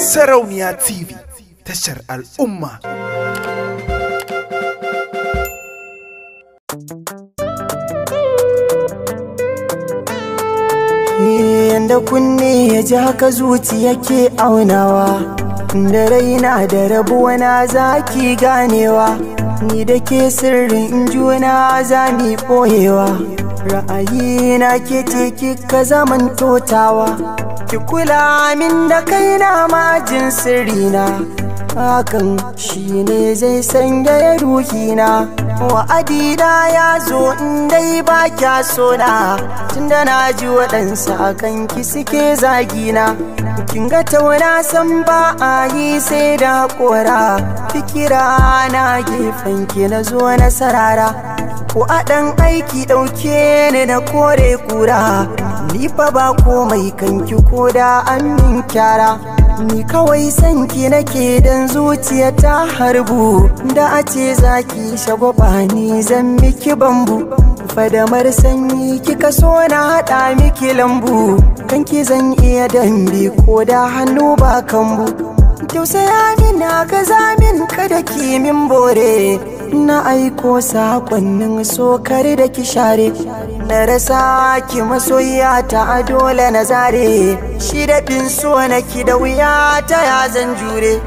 Sarauniya TV tashar al'umma. Yanda kunne ya ji haka zuci yake aunawa. da raina da rabuwa na ki ganewa ni da ke sirrin juna za mi boyewa ra'ayina ke teki ka zaman totawa ki kula min da kaina majin sirrina hakan shine zai sanya ya ruhina wa'adina ya zo in dai ba kya sona tunda na ji waɗansa kan ki suke zagina kin ga tauna san ba a yi sai da kora fikira na gefen ki na zo na sarara ko a ɗan aiki ɗauke ni na kore kura ni fa ba komai kanki ko da an min kyara ni kawai sanki nake dan zuciya ta harbu da a ce zaki shagwaba ni zan miki bambu fadamar sanyi kika so na hada miki lambu kanki zan iya dambe ko da hannu ba kambu tausaya Amina ka zamin kada kimin bore na aiko sakonnin sokar da ki share na rasa ki masoyiya ta dole na zare shi daɗin so na ki da wuya ta ya zan jure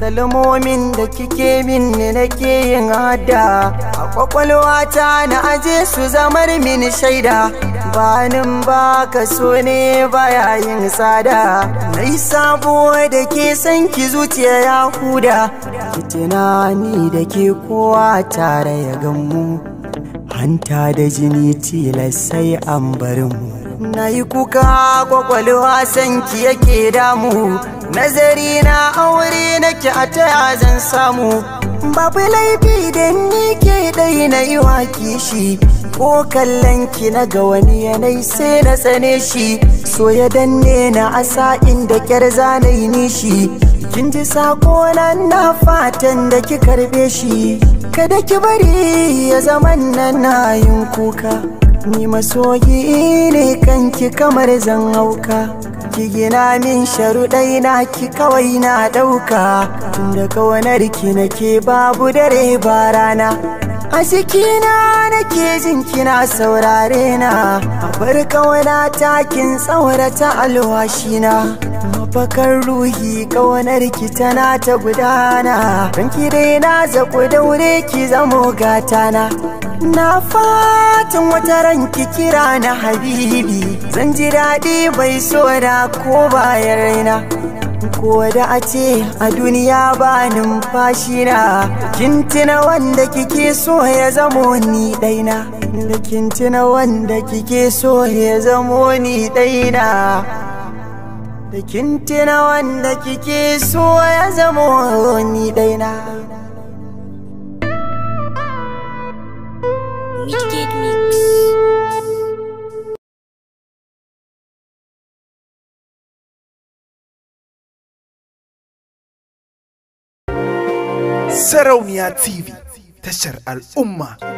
kalmomin da kike min ne nake yin hada a ƙwaƙwalwata na aje su zamar mini shaida amfanin ba ka so ne baya yin tsada mai sabo da ke san ki zuciya ya huda ki ni da ke kowa tare ya gammu. hanta da jini tilas sai an bar mu na yi kuka kwakwalwa san ki yake damu nazari na aure nake a taya zan samu babu laifi da ni ke ɗai na yi wa kishi ko kallon ki na ga wani yanayi sai na tsane shi Soya ya danne na asa inda kyar zanayi nishi kin ji sako na fatan da ki karbe shi kada ki bari ya zaman nan na yin kuka ni masoyi ne kanki kamar zan hauka ki gina min sharuɗai na ki kawai na ɗauka tun da kawanar ki nake babu dare ba rana a cikina nake jin kina saurare na a bar kawana takin tsaurata alwashina Mafakar ruhi kawanar ki tana ta gudana Ranki dai na zaku daure ki zamo gatana Na fatan wata ranki kira na habibi Zan ji daɗi bai so da ko bayan raina ko da a ce a duniya ba numfashina na kintina wanda kike so ya zamo ni daina da kintina wanda kike so ya zamo ni ɗaina لكنتنا وانك كيسو يا زموني دينا ميكيت ميكس سرومية تي في تشر الأمة